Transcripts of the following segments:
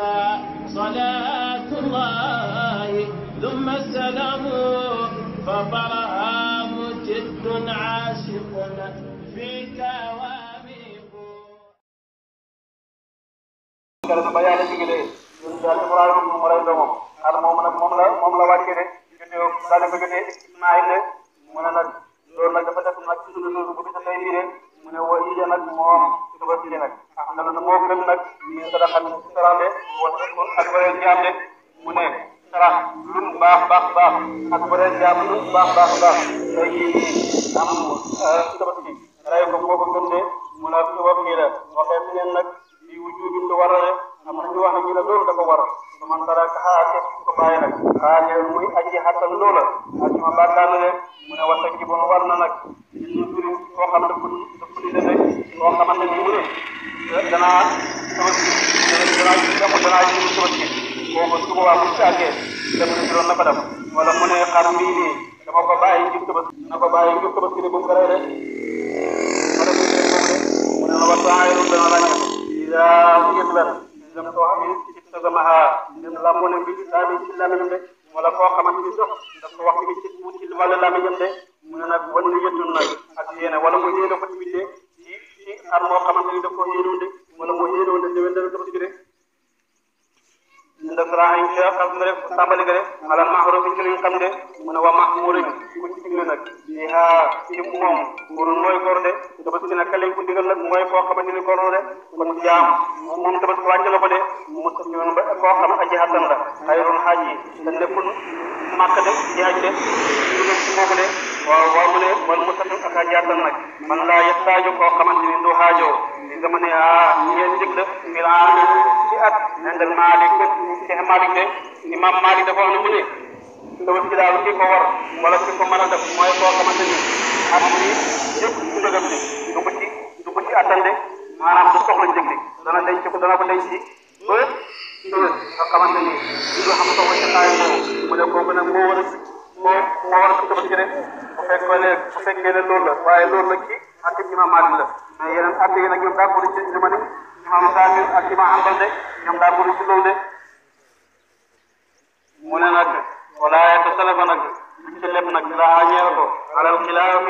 عليك صلاة الله ثم السلام فطرها مجد عاشق فيك واميق moom nag moom la moom la wàccee de jotee daal bëgg de maa ngi mu ne nag loolu nag dafa def nag ci suñu loolu bu ñu defee nii de mu ne wa ije nag moom su ko nag dana na moo gën nag ñu saraxal saraxale wala ak wala ñaate mu ne sarax lu baax baax baax ak wala ñaam lu mu baax baax baax tey jii am euh, tabaski ray ko moo ko gën de mu ne wax nii la waxee mu ne nag waa bu ñu si àggee dama mu ne xar mii nii dama ko bàyyi jub tabaski na ko bàyyi jub tabaski de bu mu ko rey de ma def ko mu ne ma ba saa yu dana la ñëw yaa sa sama xaar dem mu ne bi wax ni ci wala laminam de mu ne nag xam nga def tàmbali nga def ala mahrufi ci luñ xam de mu ne wa mahmurin koo ko noonu de kon jaam moom tamit wàññi la ko de mu ñoon ba koo xam aji de di aj de ñu ci boobu de waaw waaw mu man laa yettaajo koo xamante ne ah yéen njëg la filaan at indal de maalik de imam maalik dafa wax ne mu ne dawal ci daal ki ko war wala ki ko a def mooy koo xamante ni am ni yëpp ci ndëgam ni du ko ci ko ci attande maanaam nga xamante ni soxla ci xaay boobu mu ne a a ko ci rek bu fekkee ne bu fekkee waaye loolu la ci ak imam Maalik la mais yeneen at yi nag ñoom daa ko ci dama ni imam Saamil ak imam de ñoom daa ko ci loolu de mu ne nag ci lépp nag laa ñeel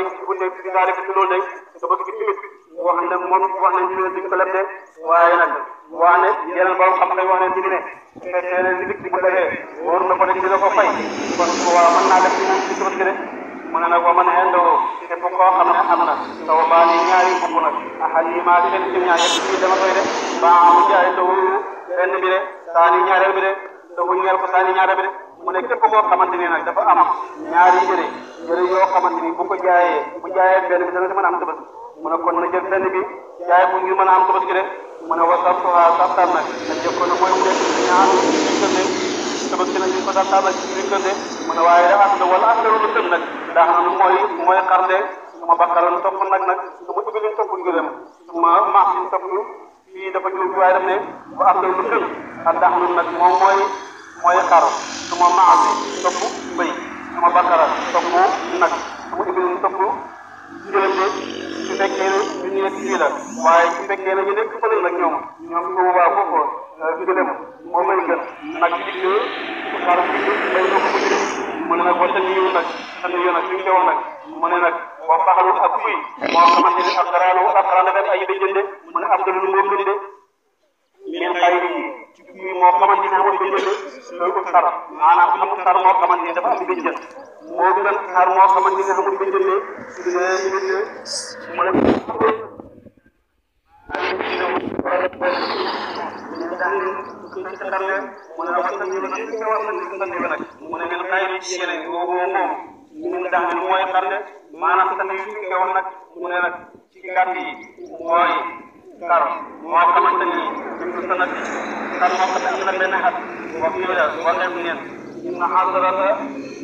ci bunde bi daal ci loolu wax na moom wax nañ ci biir ko leb waaye nag wax ne yeneen borom xam-xam wax nañ ci ne su fekkee ne li di ko lebee wóor na ko ne dina ko fay kon waaw mën naa def ci moom ci tuuti rek mu ne nag wa man indoo képp koo xam ne am na taw baa ni ñaari bokk nag axal yi maa kenn ci ñaar yëpp ci dama koy def baa mu jaay tawu benn bi de saa ni ñaareel bi de tawu ñeel ko saa ni ñaareel bi de mu ne képp koo xamante ni nag dafa am ñaari jëre jëre yoo xamante ni bu ko jaayee bu jaayee benn bi dana si mën a am tabaski mu ne kon na jël benn bi jaay mu ñu mën a am tabaski de mu ne wasap saptal nag na jëf ko ne mooy mu ne ñaar kër de tabaski nag ñu ko saptal nag ci biir kër de mu ne waaye da am na wala am na lu tëm nag daa xam ne mooy mooy xar de su ma bakkaroon topp nag nag su ma ubbi liñ topp ngërëm su ma maax liñ topp fii dafa ñu waaye daf ne bu am na lu tëm ak daa xam nag moom mooy mooy xar su ma maax topp mbéy su ma bakkara topp nag su ma ubbi liñ topp ngërëm de su fekkee ne ñu nekk fii la waaye su fekkee ne ñu nekk fële la ñoom ñoom su boobaa foofu gëlëm moo may gën nag digg xar digg day ko ko jëlee mu ne nag ba sëñ yow nag sëñ na nag suñ ko wax nag mu ne nag wa baxalu ak kuy moo xamante ne ab daraanu ab xarala benn ay day jënde mu ne ab dalul moo gën de min xay yi moo xamante ne moo gën de loolu sar maanaam amul sar moo xamante ne dafa am gën jënd moo gën xar moo xamante ne amul ba jëndee mu ne waaye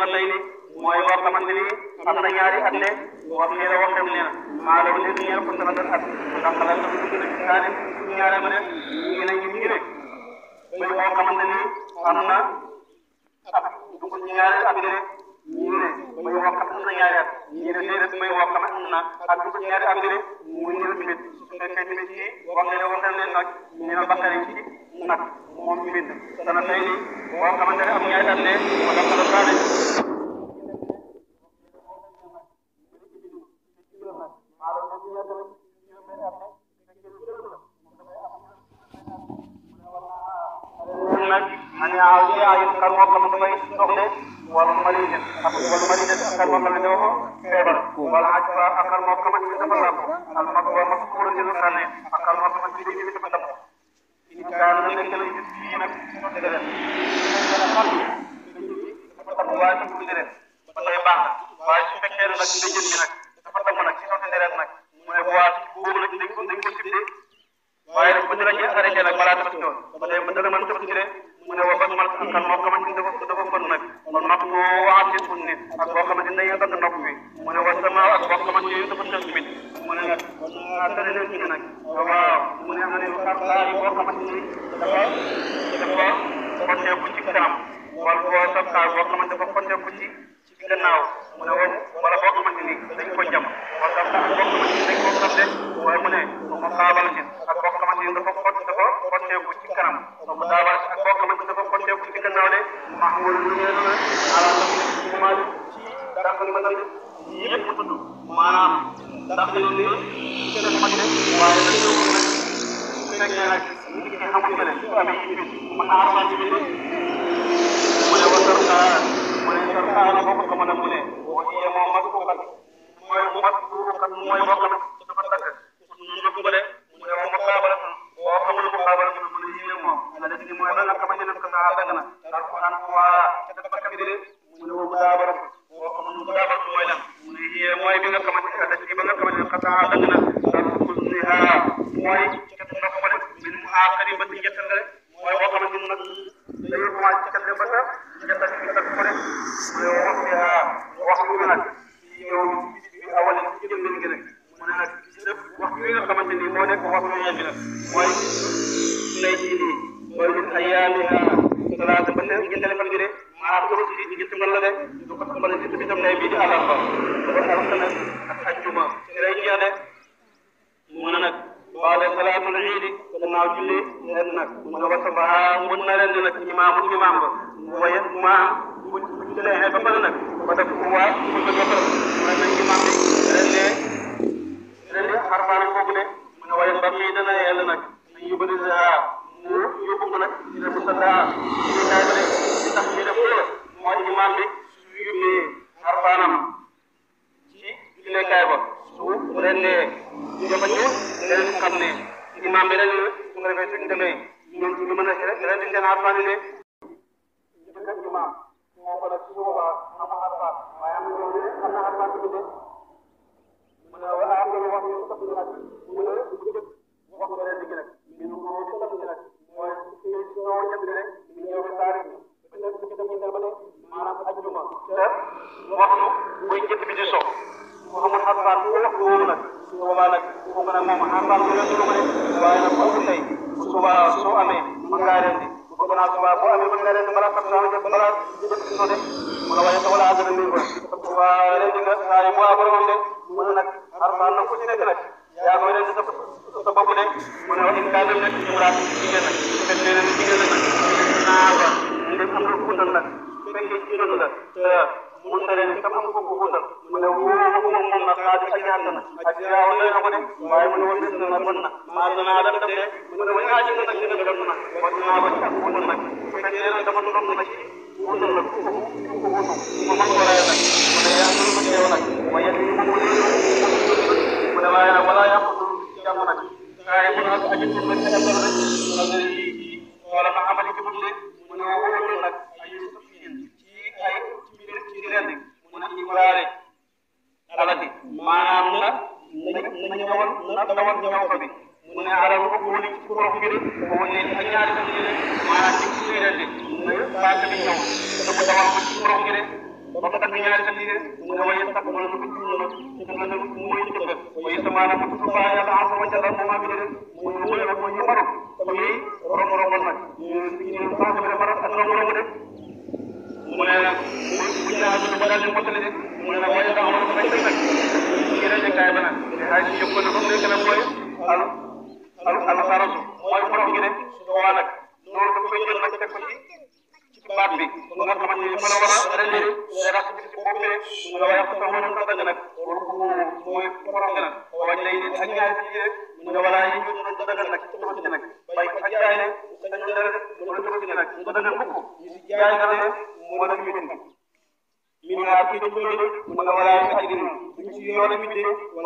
na tey mooy boo xamante ni am na ñaari at ne wax nee na waxam nee na maa la leen ñeer ko sama at ndax xalal na mu gën a gisaane ñaare ma ne ñu ne ñu ngi rek bay boo xamante ni am na at dugg ñaari at ne ñu ne may wax xam am na ñaari at ñu ne déedéet may wax xam am na ak dugg ñaari at ne muy ñu ne tamit su fekkee tamit ci wax nee na waxam nee nag nee na bakkari ci nag moom mbind dana tey ni boo xamante ne am ñaari at ne wala ah ah wala saane nag man yaa yaa yëpp kan moo xam ne dafay soxle wala mali ne wala mali ne kan moo xam ne dafa feebar wala aj ba ak kan moo xamante ne dafa làmb al mag wa mag kuura ci lu sànne ak kan moo xamante ne dafa làmb ci kaanu nekk na gis fii nag deret dafa tabb waaye tudd deret ba tey baax na waaye su fekkee ne nag ndëjën bi nag dafa tabb nag ci sotti deret nag mu ne bu waa boobu nag dañ ko dañ ko sibbee waaye nag ba dara ci arrêté nag balaa tabaski woon ba tey ba dara mën tabaski de mu ne wa ba man kan moo xamante ni dafa dafa kon nag kon nopp boo waxante suñ nit ak boo xamante ne dañuy dagg nopp bi mu ne wa sama ak boo xamante ni dafa tënk mit mu ne nag tëralee ci nag waaw mu ne am na xarxaar boo xamante ni dafa dafa xotteeku ci kanam wala boo sabtaar boo xamante dafa xotteeku ci ci gannaaw mu ne woon wala boo xamante ni dañ ko jam wala sabtaar boo xamante ni dañ ko xamte waaye mu ne mu xaabal ci ak boo xamante ni dafa xott dafa xotteeku ci kanam mu daabal ci ak boo xamante ni dafa xotteeku ci gannaaw de maa xam wala lu ngeen ala mu ma ci dara ko ni ma nag yëpp tudd maanaam ndax dañoo ne ci kenn ku ne waaye nag yow nag bu fekkee nag nit ki xam ko ne su amee ci biir mën naa amal ci biir mu ne wasar naa mu ne wasar naa la bokk ko mën a mu ne wa iya moo mat ko kat mooy mu mat ko kat mooy bokk na dafa tàgg ñu ko bële mu ne wa ma xaabala boo xamul ko xaabala mu ne mu ne yéeme moom la def ni mooy la nga xamante ne ko saa dagg na ndax ko naan waa dafa kabide xaar xarit ba ci jettal rek mooy boo xamante ni nag dañuy commencé ci kese ba sa jettal ci kese ko rek mooy wax bi wax bi nag yow bi awal ci jëmbeen gi rek mu ne nag lépp wax bi nga xamante ni moo nekk wax bi nag mooy lay ji nii mooy min ayaamiha salaata ba ne jëndale fan gi de maa ko ci ci jëtt man la de du ko xamal ci bisam nay bi di àllarba dafa àllarba ak ajjuma ginnaaw julli leen nag nga ba sa baa mun na leen di nag imaam imaam ba waaye maam bu bu ci leen ba pare nag ba def waa bu ko defal waaye nag imaam bi leen naa validé diggante bi maam moo ko def su boobaa am na xarfaat waaye am na ñoo ne am na xarfaat bi de mu ne waaye am na wax ñu sax ñu nag mu ne bu jëkk wax nga leen di nag mi nu moo ci sax nag mooy ci noo ñëpp rek mi ñëw ci taarix bi bu nekk bu ci dem ñu ba ne maanaam ajjuma te wax nu muy njëkk bi di so mu amul xarfaat bu wax lu wóoru nag su boobaa nag ko mën a moom xarfaat bu leen lu ko ne waaye nag bu tey su boobaa soo amee mën ngaa leen di ربنا تبارك وتعالى من غير ما تقصى جب بلا جب ولا ولا ولا عذر من غير وعليك سالم وابر من لك من لك أربعة نفوس لك يا غير سبب لك من وإن كان لك جمرات جيجا لك كثير من جيجا لك نعم من أمر كنا لك فكي جيجا لك mun na leen itam ko guusal mu ne wóor na ko moom na xaadi ak ñaata na ak yaaw doy na ko de waaye mu ne woon des na mën na maa danaa def def de mu ne ba ñaati ko nag ñu ne dem na war naa ba ci ak guusal nag bu fekkee nag dama doon na ci guusal nag ku ko ku ko guusal ma mën ko lay nag mu ne yaa ngi ko teew nag waaye li mu mu mu ne waaye nag wala yaa ko dul jàmm nag waaye mu ne ak ak it mu ne maanaam na na na ñëwal na dawal ñëw oto bi mu ne alal ko wóoli ci kurox bi rek boo ne ak ñaari fan yi rek maanaam ci ci leen de mu ne paaka bi ñëw te bu dawal ko mu ne waye tak wala ko ci ñëw mu moy ci ko waye sama na ko la ma bi అనేది రాష్ట్రపతి వాళ్ళ సంబంధం من عاقل الدنيا ولا يقدر من يوم الدين